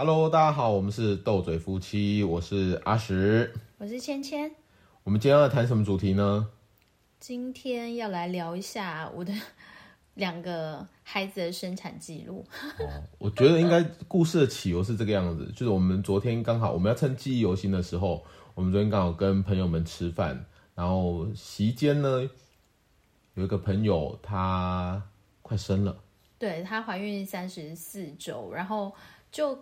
Hello，大家好，我們是鬥嘴夫妻，我是阿石，我是芊芊。我們今天要談什麼主題呢？今天要來聊一下我的兩個孩子的生產記錄。Oh, 我覺得應該故事的起由是這個樣子， 就是我們昨天剛好我們要趁記憶猶新的時候，我們昨天剛好跟朋友們吃飯，然後席間呢，有一個朋友她快生了，對，她懷孕三十四週，然後就。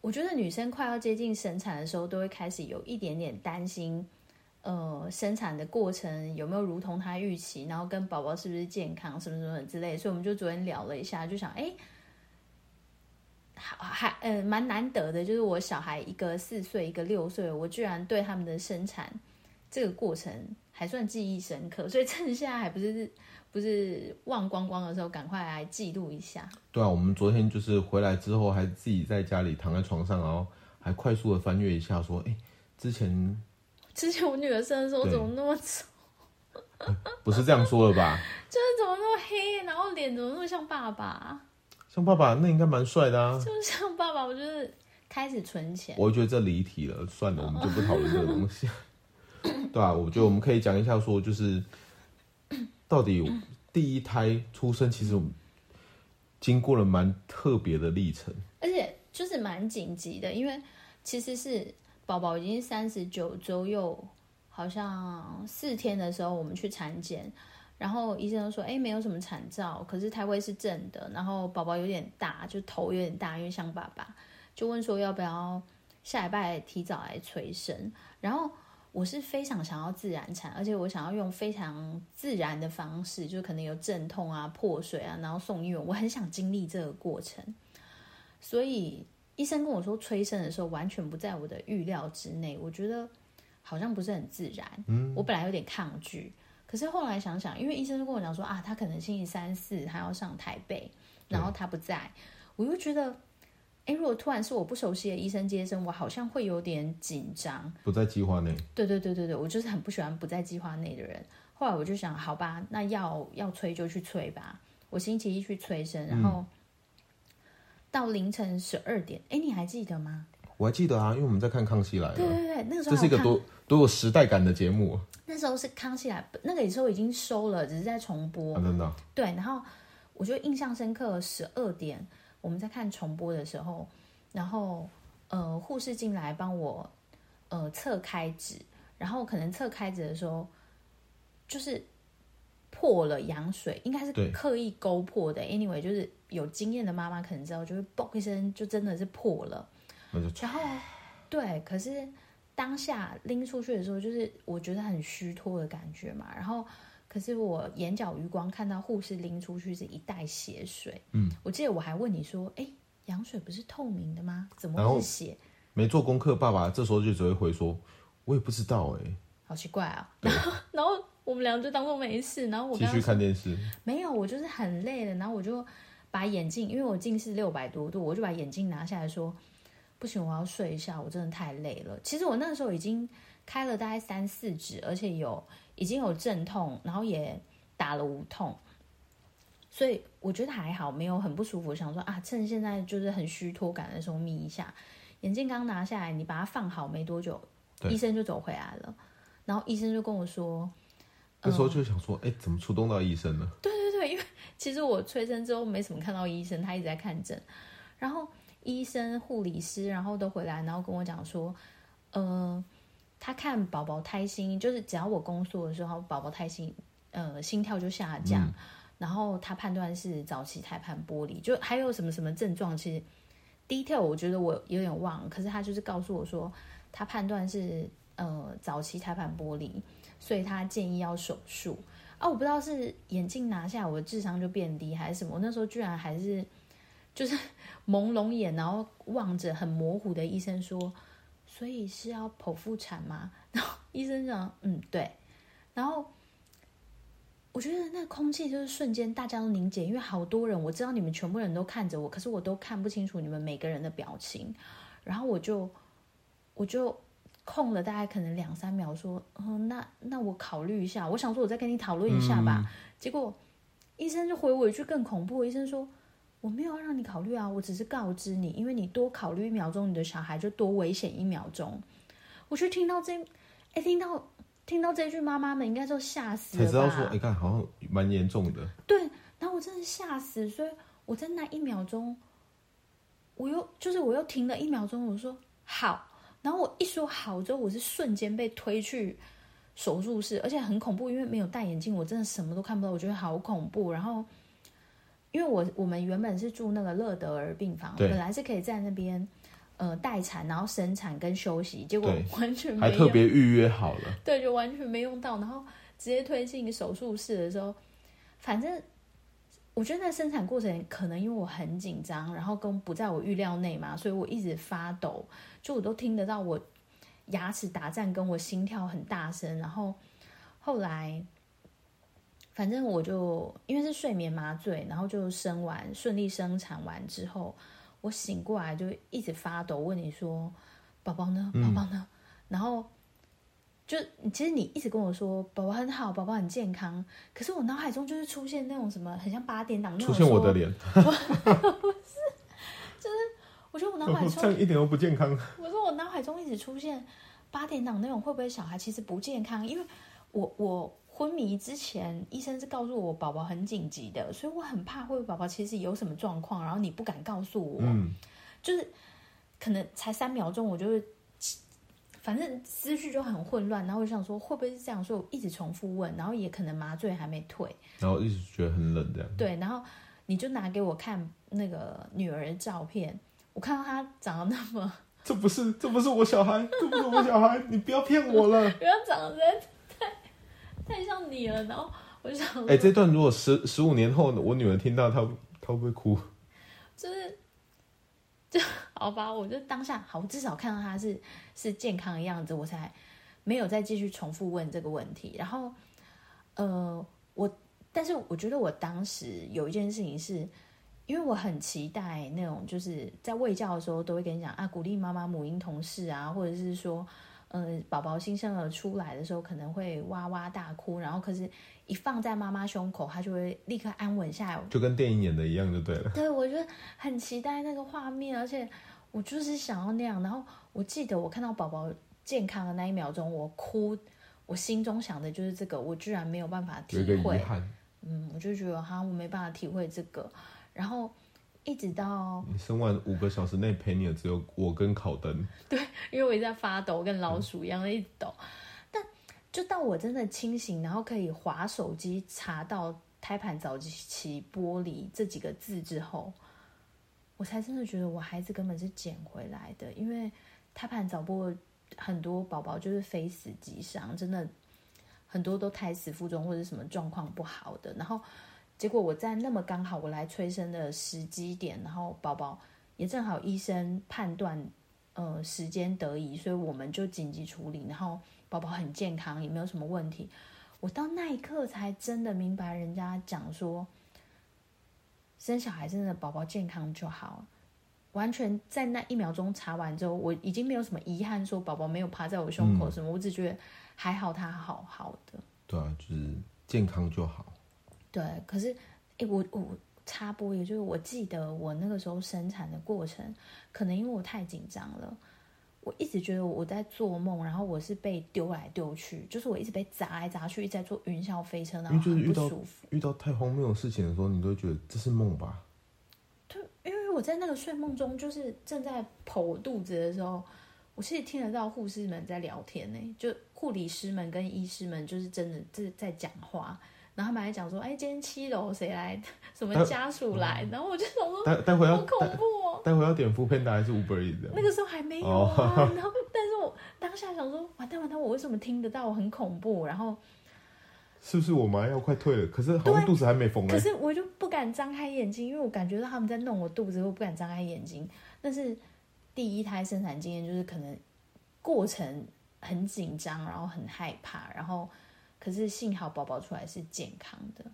我覺得女生快要接近生產的時候，都會開始有一點點擔心，呃，生產的過程有沒有如同她預期，然後跟寶寶是不是健康，什麼什麼之類的。所以我們就昨天聊了一下，就想，哎，還，嗯，呃，蠻難得的，就是我小孩一個四歲，一個六歲，我居然對他們的生產這個過程。還算記憶深刻，所以趁現在還不是，不是忘光光的時候，趕快來記錄一下。對啊，我們昨天就是回來之後，還自己在家裡躺在床上，然後還快速的翻閱一下，說：“哎、欸，之前……之前我女兒生的時候，我怎麼那麼醜？不是這樣說的吧？ 就是怎麼那麼黑，然後臉怎麼那麼像爸爸？像爸爸那應該蠻帥的啊！就像爸爸，我就是開始存錢。我覺得這離題了，算了，我們就不討論這個東西。” 對啊，我覺得我們可以講一下，說就是到底第一胎出生，其實我們經過了蠻特別的歷程，而且就是蠻緊急的，因為其實是寶寶已經三十九周又好像四天的時候，我們去產檢，然後醫生說，哎，沒有什麼產兆，可是胎位是正的，然後寶寶有點大，就頭有點大，因為像爸爸，就問說要不要下禮拜提早來催生，然後。我是非常想要自然產，而且我想要用非常自然的方式，就可能有陣痛啊、破水啊，然後送醫院，我很想經歷這個過程。所以醫生跟我說催生的時候，完全不在我的預料之內，我覺得好像不是很自然。我本來有點抗拒，嗯。可是後來想想，因為醫生跟我講說啊，他可能星期三四他要上台北，然後他不在，嗯。我又覺得。哎，如果突然是我不熟悉的醫生接生，我好像會有點緊張。不在計劃內。對對對對對，我就是很不喜歡不在計劃內的人。後來我就想，好吧，那要要催就去催吧。我星期一去催生，然後、嗯、到凌晨十二點，哎，你還記得嗎？我還記得啊，因為我們在看《康熙來了》。對對對，那個時候這是一個多多有時代感的節目。那時候是《康熙來了》，那個時候已經收了，只是在重播、啊。真的。對，然後我就印象深刻，十二點。我們在看重播的時候，然後呃，護士進來幫我呃測開指，然後可能測開指的時候就是破了羊水，應該是刻意勾破的。對 Anyway，就是有經驗的媽媽可能知道，就是嘣一聲就真的是破了。然後對，可是當下拎出去的時候，就是我覺得很虛脫的感覺嘛，然後。可是我眼角餘光看到護士拎出去是一袋血水。嗯，我記得我還問你說：“哎，羊水不是透明的嗎？怎麼是血？”沒做功課，爸爸這時候就只會回說：“我也不知道，哎，好奇怪啊。”然後然後我們倆就當做沒事。然後我繼續看電視。沒有，我就是很累了。然後我就把眼鏡，因為我近視六百多度，我就把眼鏡拿下來說：“不行，我要睡一下，我真的太累了。”其實我那時候已經開了大概三四指，而且有。已經有陣痛，然後也打了無痛，所以我覺得還好，沒有很不舒服。想說啊，趁現在就是很虛脫感的時候眯一下。眼鏡剛拿下來，你把它放好沒多久，對醫生就走回來了。然後醫生就跟我說，那時候就想說，哎、呃，怎麼觸動到醫生呢？對對對，因為其實我催生之後沒怎麼看到醫生，他一直在看診。然後醫生、護理師，然後都回來，然後跟我講說，嗯、呃他看寶寶胎心，就是只要我宮縮的時候，寶寶胎心，呃，心跳就下降，嗯、然後他判斷是早期胎盤剝離，就還有什麼什麼症狀，其實 detail 我覺得我有點忘了，可是他就是告訴我說，他判斷是呃早期胎盤剝離，所以他建議要手術啊！我不知道是眼鏡拿下，我的智商就變低還是什麼？我那時候居然還是就是 朦朧眼，然後望着很模糊的醫生說。所以是要剖腹產嗎？然後醫生講，嗯，對。然後我覺得那空氣就是瞬間大家都凝結，因為好多人，我知道你們全部人都看着我，可是我都看不清楚你們每個人的表情。然後我就我就空了大概可能兩三秒，說，嗯、哦，那那我考慮一下，我想說我再跟你討論一下吧。嗯、結果醫生就回我一句更恐怖，醫生說。我沒有讓你考慮啊，我只是告知你，因為你多考慮一秒鐘，你的小孩就多危險一秒鐘。我就聽到這，哎、欸，聽到聽到這句，媽媽們應該就嚇死了吧，才知道說，哎、欸，看好像蠻嚴重的。對，然後我真的嚇死，所以我在那一秒鐘，我又就是我又停了一秒鐘，我說好，然後我一說好之後，我是瞬間被推去手術室，而且很恐怖，因為沒有戴眼鏡，我真的什麼都看不到，我覺得好恐怖，然後。因為我我們原本是住那個樂德兒病房，對本來是可以在那邊呃待產，然後生產跟休息，結果完全還特別預約好了，對，就完全沒用到，然後直接推進手術室的時候，反正我覺得那生產過程可能因為我很緊張，然後跟不在我預料內嘛，所以我一直發抖，就我都聽得到我牙齒打顫，跟我心跳很大聲，然後後來。反正我就因為是睡眠麻醉，然後就生完順利生產完之後，我醒過來就一直發抖，問你說：“寶寶呢？寶寶呢？”嗯、然後就其實你一直跟我說寶寶很好，寶寶很健康，可是我腦海中就是出現那種什麼很像八點檔那種。出現我的臉？不是，我、 就是，就是我覺得我腦海中一點都不健康。我說我腦海中一直出現八點檔那種，會不會小孩其實不健康？因為我我。昏迷之前，醫生是告訴我寶寶很緊急的，所以我很怕會不會寶寶其實有什麼狀況，然後你不敢告訴我。嗯，就是可能才三秒鐘，我就是反正思緒就很混亂，然後我想說會不會是這樣，所以我一直重複問，然後也可能麻醉還沒退，然後一直覺得很冷這樣，對，然後你就拿給我看那個女兒的照片，我看到她長得那麼……這不是這不是我小孩， 這不是我小孩，你不要騙我了，不要 長得。太像你了，然後我就想，哎、欸，這段如果十十五年後，我女兒聽到，她她會不會哭？就是，就好吧，我就當下好，我至少看到她是是健康的樣子，我才沒有再繼續重複問這個問題。然後，呃，我但是我覺得我當時有一件事情是，因為我很期待那種就是在衛教的時候都會跟你講啊，鼓勵媽媽、母嬰同室啊，或者是說。嗯，寶寶、呃、新生兒出來的時候可能會哇哇大哭，然後可是一放在媽媽胸口，他就會立刻安穩下來，就跟電影演的一樣，就對了。對，我就很期待那個畫面，而且我就是想要那樣。然後我記得我看到寶寶健康的那一秒鐘，我哭，我心中想的就是這個，我居然沒有辦法體會，嗯，我就覺得哈，我沒辦法體會這個，然後。一直到你生完五個小時內陪你的只有我跟烤燈。對，因為我一直在發抖，跟老鼠一樣、嗯、一直抖。但就到我真的清醒，然後可以滑手機查到胎盤早期剝離這幾個字之後，我才真的覺得我孩子根本是撿回來的。因為胎盤早剝，很多寶寶就是非死即傷，真的很多都胎死腹中或者什麼狀況不好的。然後。結果我在那麼剛好我來催生的時機點，然後寶寶也正好醫生判斷，呃，時間得宜，所以我們就緊急處理，然後寶寶很健康，也沒有什麼問題。我到那一刻才真的明白，人家講說，生小孩真的寶寶健康就好，完全在那一秒鐘查完之後，我已經沒有什麼遺憾，說寶寶沒有趴在我胸口什麼，嗯，我只覺得還好，他好好的。對啊，就是健康就好。對，可是，我，我插播，也就是我記得我那個時候生產的過程，可能因為我太緊張了，我一直覺得我在做夢，然後我是被丟來丟去，就是我一直被砸來砸去，一直在坐雲霄飛車，然後很不舒服。遇到，遇到太荒謬的事情的時候，你都覺得這是夢吧？對，因為我在那個睡夢中，就是正在剖我肚子的時候，我是聽得到護士們在聊天呢，就護理師們跟醫師們，就是真的就是在講話。然後他們還講說，哎，今天七樓誰來？什麼家屬來？待會。然後我就想說，待，待會要好恐怖哦，待，待會要點 foodpanda 還是 Uber Eats 這樣。那個時候還沒有啊。Oh. 然後，但是我當下想說，哇，完蛋，完蛋，我為什麼聽得到？我很恐怖。然後，是不是我媽要快退了？可是我肚子還沒縫哎。可是我就不敢張開眼睛，因為我感覺到他們在弄我肚子，我不敢張開眼睛。但是第一胎生產經驗就是可能過程很緊張，然後很害怕，然後。可是幸好寶寶出來是健康的。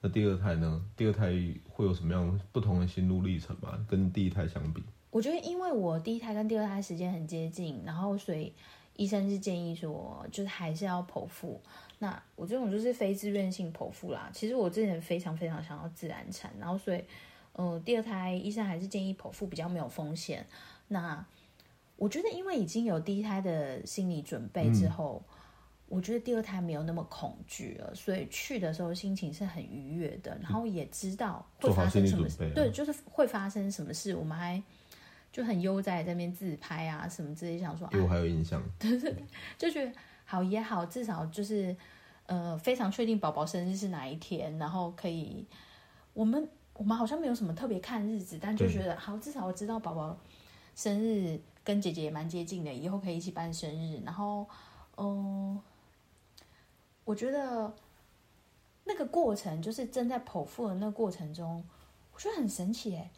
那第二胎呢？第二胎會有什麼樣不同的心路歷程嗎？跟第一胎相比？我覺得，因為我第一胎跟第二胎的時間很接近，然後所以醫生是建議說，就是還是要剖腹。那我這種就是非自願性剖腹啦。其實我之前非常非常想要自然產，然後所以，呃，第二胎醫生還是建議剖腹比較沒有風險。那我覺得，因為已經有第一胎的心理準備之後。嗯我覺得第二胎沒有那麼恐懼了，所以去的時候心情是很愉悅的，然後也知道會發生什麼事，對，就是會發生什麼事。我們還就很悠哉在那邊自拍啊什麼之類，想說，對我還有印象，就是就覺得好也好，至少就是呃非常確定寶寶生日是哪一天，然後可以我們我們好像沒有什麼特別看日子，但就覺得對好，至少我知道寶寶生日跟姐姐也蠻接近的，以後可以一起辦生日，然後嗯。呃我覺得那個過程就是正在剖腹的那個過程中，我覺得很神奇哎，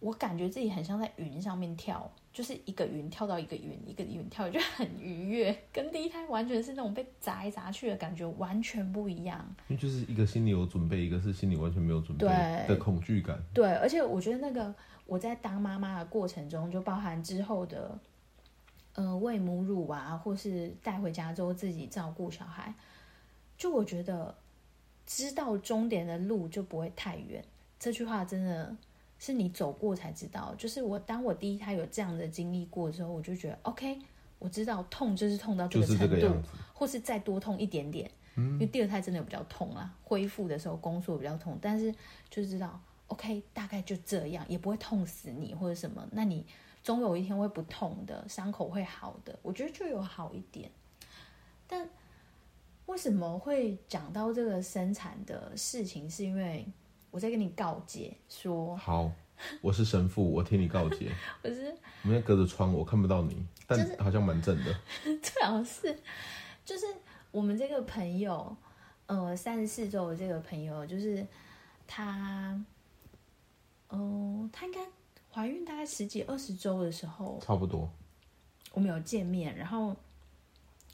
我感覺自己很像在雲上面跳，就是一個雲跳到一個雲，一個雲跳，就很愉悅，跟第一胎完全是那種被砸來砸去的感覺完全不一樣。因為就是一個心裡有準備，一個是心裡完全沒有準備的恐懼感。對，對，而且我覺得那個我在當媽媽的過程中，就包含之後的，呃，餵母乳啊，或是帶回家之後自己照顧小孩。就我覺得，知道終點的路就不會太遠。這句話真的是你走過才知道。就是我當我第一胎有這樣的經歷過之後，我就覺得 OK，我知道痛就是痛到這個程度，是或是再多痛一點點。嗯，因為第二胎真的有比較痛啦、啊，恢復的時候宮縮比較痛，但是就知道 OK，大概就這樣，也不會痛死你或者什麼。那你終有一天會不痛的，傷口會好的。我覺得就有好一點，但。為什麼會講到這個生產的事情？是因為我在跟你告解說，好，我是神父， 我替你告解。 我是，我們隔着窗，我看不到你，但、就是、好像蠻正的。 對啊，是，就是我們這個朋友，呃，三十四周的這個朋友，就是他，嗯、呃，他應該懷孕大概十幾二十周的時候，差不多。我們有見面，然後。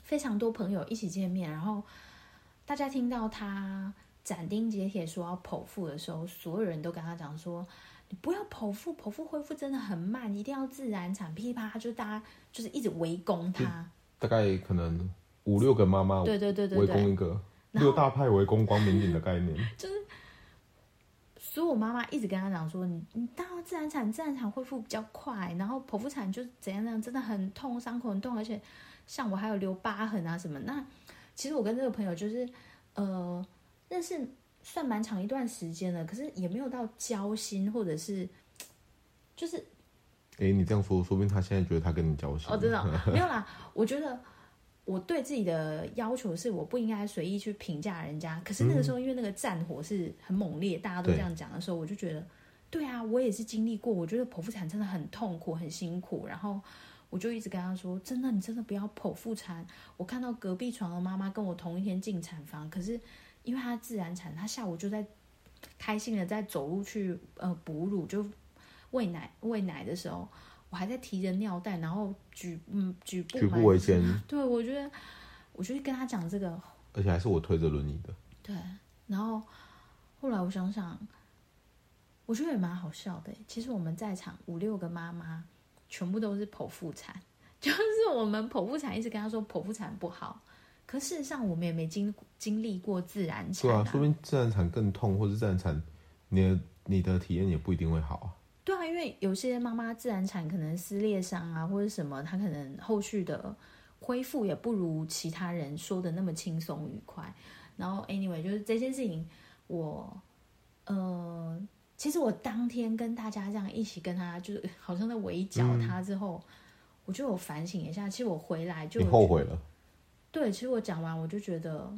非常多朋友一起見面，然後大家聽到他斬釘截鐵說要剖腹的時候，所有人都跟他講說：“你不要剖腹，剖腹恢復真的很慢，一定要自然產。琛琛”噼啪，就大家就是一直圍攻他。嗯，大概可能五六個媽媽，對對對圍攻一個對對對對對六大派圍攻光明頂的概念， 就是。所以我媽媽一直跟他講說：“你你，當然自然產，你自然產，自然產恢復比較快，然後剖腹產就怎樣怎樣，真的很痛，傷口很痛，而且。”像我還有留疤痕啊什麼，那其實我跟這個朋友就是，呃，認識算蠻長一段時間了，可是也沒有到交心，或者是，就是，哎、欸，你這樣說，說不定他現在覺得他跟你交心。哦，真的、哦、 沒有啦，我覺得我對自己的要求是，我不應該隨意去評價人家。可是那個時候，因為那個戰火是很猛烈，嗯、大家都這樣講的時候，對我就覺得，對啊，我也是經歷過，我覺得剖腹產真的很痛苦，很辛苦，然後。我就一直跟他說：“真的，你真的不要剖腹產。”我看到隔壁床的媽媽跟我同一天進產房，可是因為她自然產，她下午就在開心的在走路去呃、哺乳，就餵奶餵奶的時候，我還在提着尿袋，然後舉嗯、舉步，舉步維艱。對，我覺得，我就跟他講這個，而且還是我推着輪椅的。對，然後後來我想想，我覺得也蠻好笑的。其實我們在場五六個媽媽，全部都是剖腹產，就是我們剖腹產一直跟他說剖腹產不好，可事實上我們也沒經經歷過自然產啊。對啊，說明自然產更痛，或是自然產，你你的體驗也不一定會好啊。對啊，因為有些媽媽自然產可能撕裂傷啊，或者什麼，她可能後續的恢復也不如其他人說的那麼輕鬆愉快。然後 anyway，就是這件事情，我，呃。其實我當天跟大家這樣一起跟他，就是好像在圍剿他之後，嗯、我就有反省一下。其實我回來就後悔了。對，其實我講完我就覺得，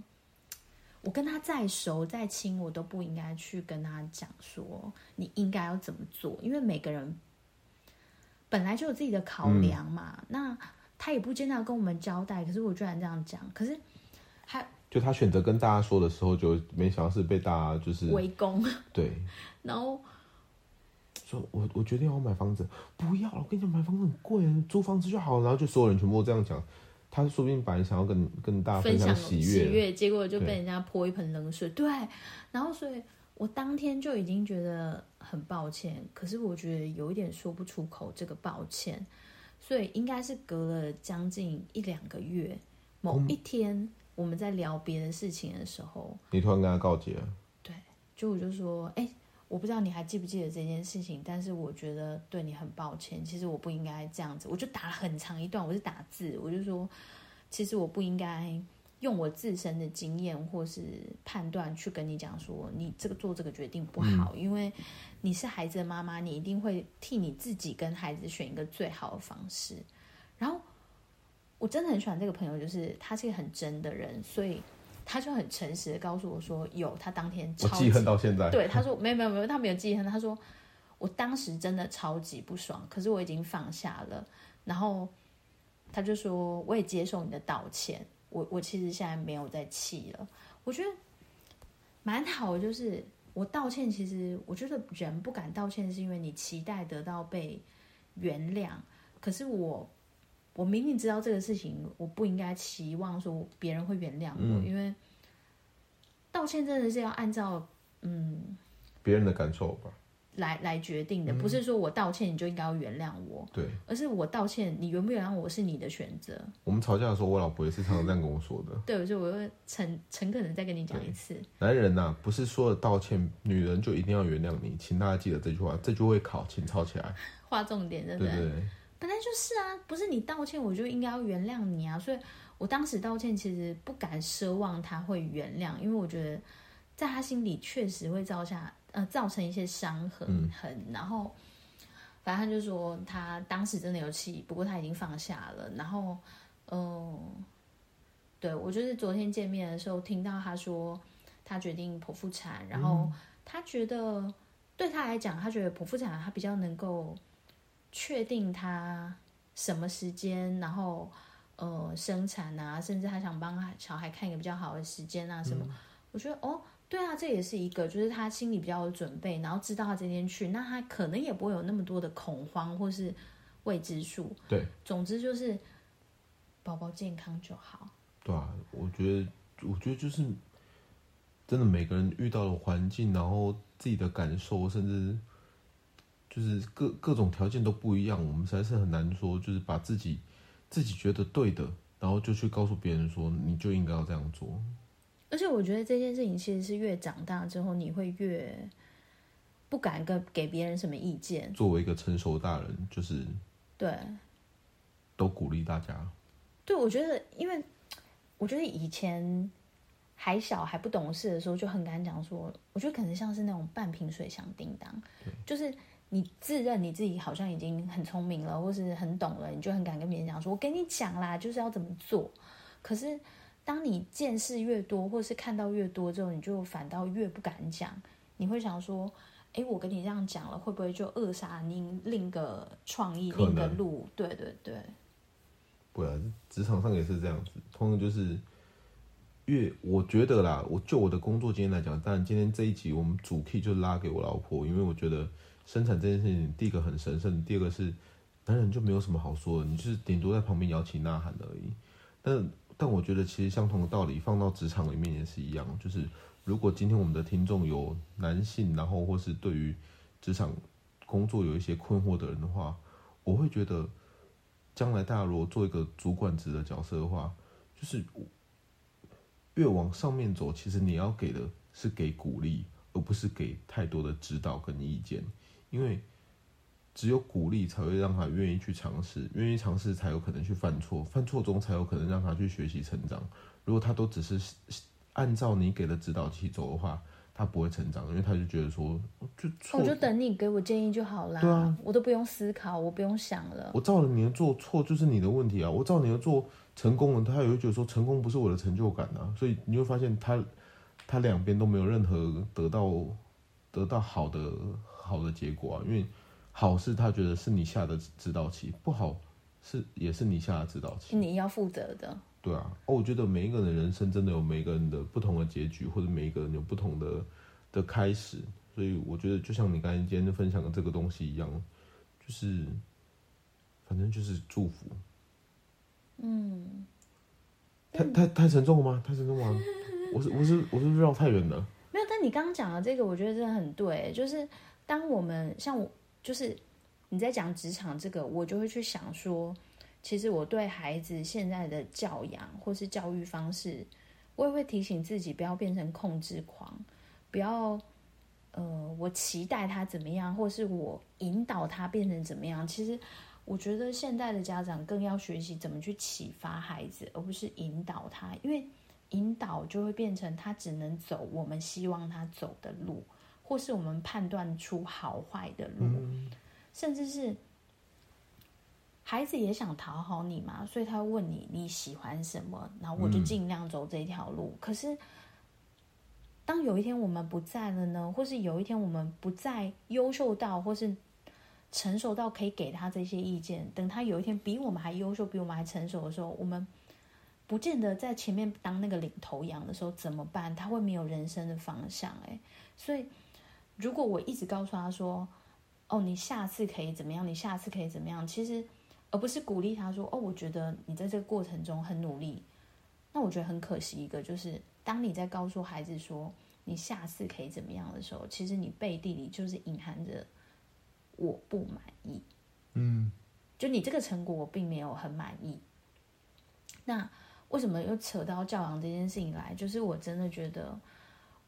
我跟他再熟再親，我都不應該去跟他講說你應該要怎麼做，因為每個人本來就有自己的考量嘛。嗯、那他也不見得跟我們交代，可是我居然這樣講，可是還。就他選擇跟大家說的時候，就沒想到是被大家就是圍攻。對，然後 No, 說我：“我我決定要買房子，不要！我跟你講，買房子很貴，租房子就好，然後就所有人全部都這樣講，他說不定本來想要跟跟大家分享喜悅，喜悅，對結果就被人家潑一盆冷水。對，然後所以我當天就已經覺得很抱歉，可是我覺得有一點說不出口這個抱歉，所以應該是隔了將近一兩個月，某一天。嗯我們在聊別的事情的時候，你突然跟他告解了。對，就我就說，哎、欸，我不知道你還記不記得這件事情，但是我覺得對你很抱歉。其實我不應該這樣子，我就打了很長一段，我是打字，我就說，其實我不應該用我自身的經驗或是判斷去跟你講說，你這個做這個決定不好，嗯、因為你是孩子的媽媽，你一定會替你自己跟孩子選一個最好的方式，然後。我真的很喜歡這個朋友，就是他是一個很真的人，所以他就很誠實的告訴我說有。他當天超記恨到現在。對，他說沒有沒有沒有，他沒有記恨。他說我當時真的超級不爽，可是我已經放下了。然後他就說我也接受你的道歉。我我其實現在沒有在氣了。我覺得蠻好的，就是我道歉。其實我覺得人不敢道歉，是因為你期待得到被原諒。可是我。我明明知道這個事情，我不應該期望說別人會原諒我，嗯、因為道歉真的是要按照嗯別人的感受吧來來決定的，嗯、不是說我道歉你就應該要原諒我，對，而是我道歉，你原不原諒我是你的選擇。我們吵架的時候，我老婆也是常常這樣跟我說的。嗯、對，我就我會誠誠懇的再跟你講一次，男人吶、啊，不是說了道歉，女人就一定要原諒你，請大家記得這句話，這句會考，請抄起來。劃重點，真的對不對，對？本來就是啊，不是你道歉，我就應該要原諒你啊。所以我當時道歉，其實不敢奢望他會原諒，因為我覺得在他心裡確實會造下呃造成一些傷痕痕。嗯、然後，反正就說他當時真的有氣，不過他已經放下了。然後，嗯、呃，對我就是昨天見面的時候聽到他說他決定剖腹產，然後他覺得、嗯、對他來講，他覺得剖腹產他比較能夠。確定他什麼時間，然後呃生產啊，甚至他想幫小孩看一個比較好的時間啊什麼？嗯、我覺得哦，對啊，這也是一個，就是他心裡比較有準備，然後知道他今天去，那他可能也不會有那麼多的恐慌或是未知數。對，總之就是寶寶健康就好。對啊，我覺得，我覺得就是真的，每個人遇到的環境，然後自己的感受，甚至，就是各各種條件都不一樣，我們實在是很難說，就是把自己自己覺得對的，然後就去告訴別人說，你就應該要這樣做。而且我覺得這件事情其實是越長大之後，你會越不敢跟給別人什麼意見。作為一個成熟大人，就是對，都鼓勵大家。對，我覺得，因為我覺得以前還小還不懂事的時候，就很敢講說，我覺得可能像是那種半瓶水響叮噹，對就是。你自認你自己好像已經很聰明了，或是很懂了，你就很敢跟別人講說，說我跟你講啦，就是要怎麼做。可是，當你見識越多，或是看到越多之後，你就反倒越不敢講。你會想說，哎，我跟你這樣講了，會不會就扼殺你另一個創意、能另一個路？對對對。對啊，職場上也是這樣子。通常就是越，我覺得啦，我就我的工作經驗來講，當然今天這一集我們主 key 就拉給我老婆，因為我覺得。生產這件事情，第一個很神聖，第二個是男人就沒有什麼好說的，你就是頂多在旁邊搖旗吶喊的而已。但但我覺得其實相同的道理放到職場裡面也是一樣，就是如果今天我們的聽眾有男性，然後或是對於職場工作有一些困惑的人的話，我會覺得將來大家如果做一個主管職的角色的話，就是越往上面走，其實你要給的是給鼓勵，而不是給太多的指導跟意見。因為只有鼓勵才會讓他願意去嘗試，願意嘗試才有可能去犯錯，犯錯中才有可能讓他去學習成長。如果他都只是按照你給的指導器走的話，他不會成長，因為他就覺得說就我就等你給我建議就好啦，啊、我都不用思考，我不用想了。我照着你的做錯就是你的問題啊！我照你的做成功了，他也覺得說成功不是我的成就感啊。」所以你會發現他他兩邊都沒有任何得到得到好的。好的結果啊，因為好是他覺得是你下的指導棋，不好是也是你下的指導棋，你要負責的。對啊，哦，我覺得每一個人的人生真的有每一個人的不同的結局，或者每一個人有不同的的開始，所以我覺得就像你剛才今天分享的這個東西一樣，就是反正就是祝福。嗯，太太太沉重了嗎？太沉重了嗎？我是我是我是繞太遠了。沒有，但你剛剛講的這個，我覺得真的很對，就是。當我們像我，就是你在講職場這個，我就會去想說，其實我對孩子現在的教養或是教育方式，我也會提醒自己不要變成控制狂，不要呃，我期待他怎麼樣，或是我引導他變成怎麼樣。其實我覺得現在的家長更要學習怎麼去啟發孩子，而不是引導他，因為引導就會變成他只能走我們希望他走的路，或是我們判斷出好壞的路，嗯、甚至是孩子也想討好你嘛，所以他會問你，你喜歡什麼，然後我就儘量走這條路。嗯、可是當有一天我們不在了呢，或是有一天我們不再優秀到，或是成熟到可以給他這些意見，等他有一天比我們還優秀，比我們還成熟的時候，我們不見得在前面當那個領頭羊的時候怎麼辦？他會沒有人生的方向哎、欸，所以。如果我一直告訴他說：“哦，你下次可以怎麼樣？你下次可以怎麼樣？”其實，而不是鼓勵他說：“哦，我覺得你在這個過程中很努力。”那我覺得很可惜。一個就是，當你在告訴孩子說“你下次可以怎麼樣的時候”，其實你背地裡就是隱含着我不滿意。嗯，就你這個成果，我並沒有很滿意。那為什麼又扯到教養這件事情來？就是我真的覺得，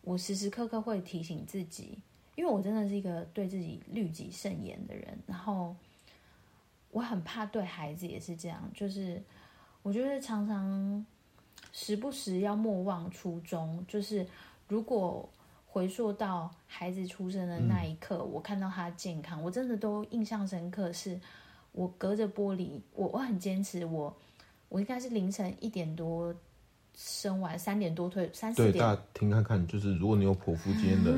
我時時刻刻會提醒自己。因為我真的是一個對自己律己甚嚴的人，然後我很怕對孩子也是這樣，就是我覺得常常時不時要莫忘初衷。就是如果回溯到孩子出生的那一刻，嗯、我看到他健康，我真的都印象深刻。是我隔着玻璃，我我很堅持我，我我應該是凌晨一點多。生完三點多推三四點，對大家聽看看，就是如果你有剖腹間的，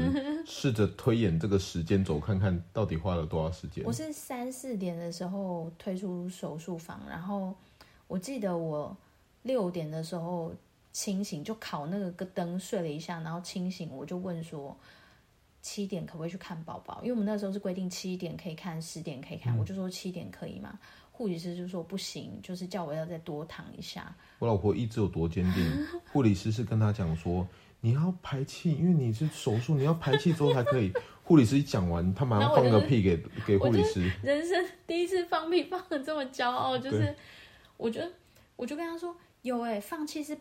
試着推演這個時間走看看 到底花了多少時間。我是三四點的時候推出手術房，然後我記得我六點的時候清醒，就烤那個個燈睡了一下，然後清醒我就問說，七點可不可以去看寶寶？因為我們那時候是規定七點可以看，十點可以看，我就說七點可以嗎？嗯護理師就說不行，就是叫我要再多躺一下。我老婆意志有多堅定？護 理師是跟他講說，你要排氣，因為你是手術，你要排氣之後才可以。護 理師一講完，他馬上放個屁給、就是、給護理師。人生第一次放屁放得這麼驕傲，就是，對我覺得我就跟他說，有哎、欸，放氣是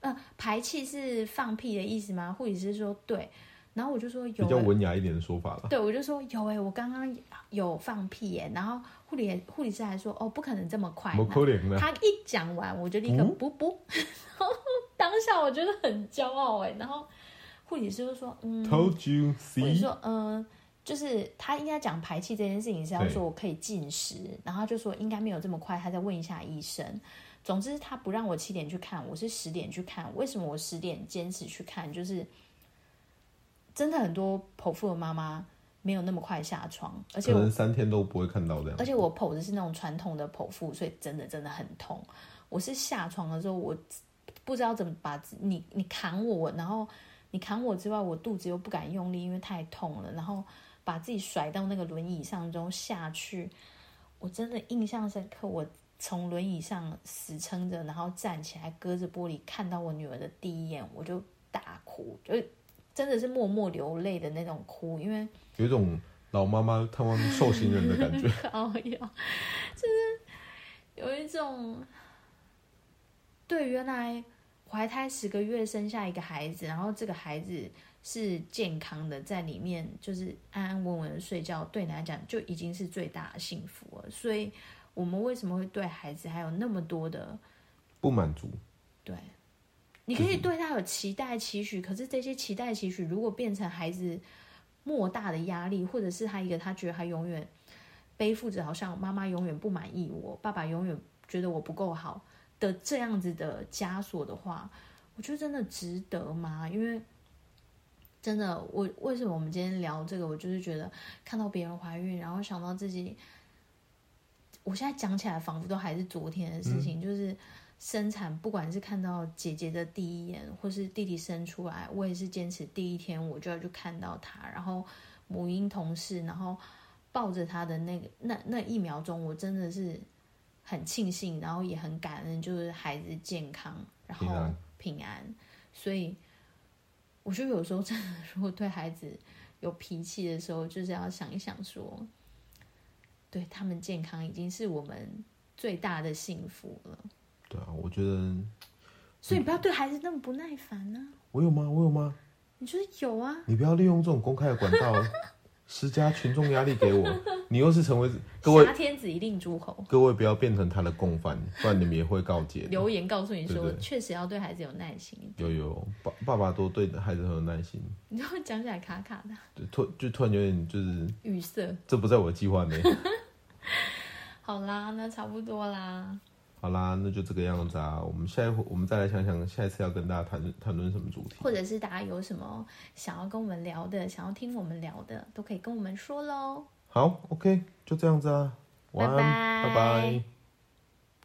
嗯、呃，排氣是放屁的意思嗎？護理師說對。然後我就說有、欸、比較文雅一點的說法吧。對，我就說有哎、欸，我剛剛有放屁耶、欸。然後護理護理師還說哦、喔，不可能這麼快。他一講完，我就立刻不不、嗯、 當下我覺得很驕傲哎、欸。然後護理師就說嗯，我就說嗯，就是他應該講排氣這件事情是要說我可以進食，對然後他就說應該沒有這麼快，他在問一下醫生。總之他不讓我七點去看，我是十點去看。為什麼我十點堅持去看？就是。真的很多剖腹的媽媽沒有那麼快下床，而且可能三天都不會看到的。而且我剖的是那種傳統的剖腹，所以真的真的很痛。我是下床的時候，我不知道怎麼把你你砍我，然後你砍我之外，我肚子又不敢用力，因為太痛了。然後把自己甩到那個輪椅上中下去，我真的印象深刻。我從輪椅上死撐着，然後站起來隔着玻璃看到我女兒的第一眼，我就大哭，就。真的是默默流淚的那種哭，因為有一種老媽媽探望受刑人的感覺。哦， 要就是有一種對原來懷胎十個月生下一個孩子，然後這個孩子是健康的在裡面，就是安安穩穩的睡覺，對你來講就已經是最大的幸福了。所以，我們為什麼會對孩子還有那麼多的不滿足？對。你可以對他有期待期許，嗯、哼可是這些期待期許如果變成孩子莫大的壓力，或者是他一個他覺得他永遠背負着好像媽媽永遠不滿意我，爸爸永遠覺得我不夠好的這樣子的枷鎖的話，我覺得真的值得嗎？因為真的，我為什麼我們今天聊這個，我就是覺得看到別人懷孕，然後想到自己，我現在講起來仿佛都還是昨天的事情，就是、嗯。生產，不管是看到姐姐的第一眼，或是弟弟生出來，我也是堅持第一天我就要去看到他，然後母嬰同室，然後抱着他的那個那那一秒鐘，我真的是很慶幸，然後也很感恩，就是孩子健康，然後平安，平安。所以我就有時候真的，如果對孩子有脾氣的時候，就是要想一想說，說對他們健康已經是我們最大的幸福了。我覺得，所以你不要對孩子那麼不耐煩呢、啊。我有嗎？我有嗎？你說有啊！你不要利用這種公開的管道施加群眾壓力給我。 你又是成為各位挾天子以令諸侯，各位不要變成他的共犯，不然你們也會告誡留言告訴你說，確實要對孩子有耐心。有有，爸爸爸都對孩子很有耐心。你又講起來卡卡的，突就突然有點就是語塞。語塞這不在我的計劃內。 好啦，那差不多啦。好啦，那就這個樣子啊。我們下一回，我們再來想想下一次要跟大家談論談論什麼主題，或者是大家有什麼想要跟我們聊的，想要聽我們聊的，都可以跟我們說嘍。好，OK，就這樣子啊，晚安，拜拜拜拜。Bye bye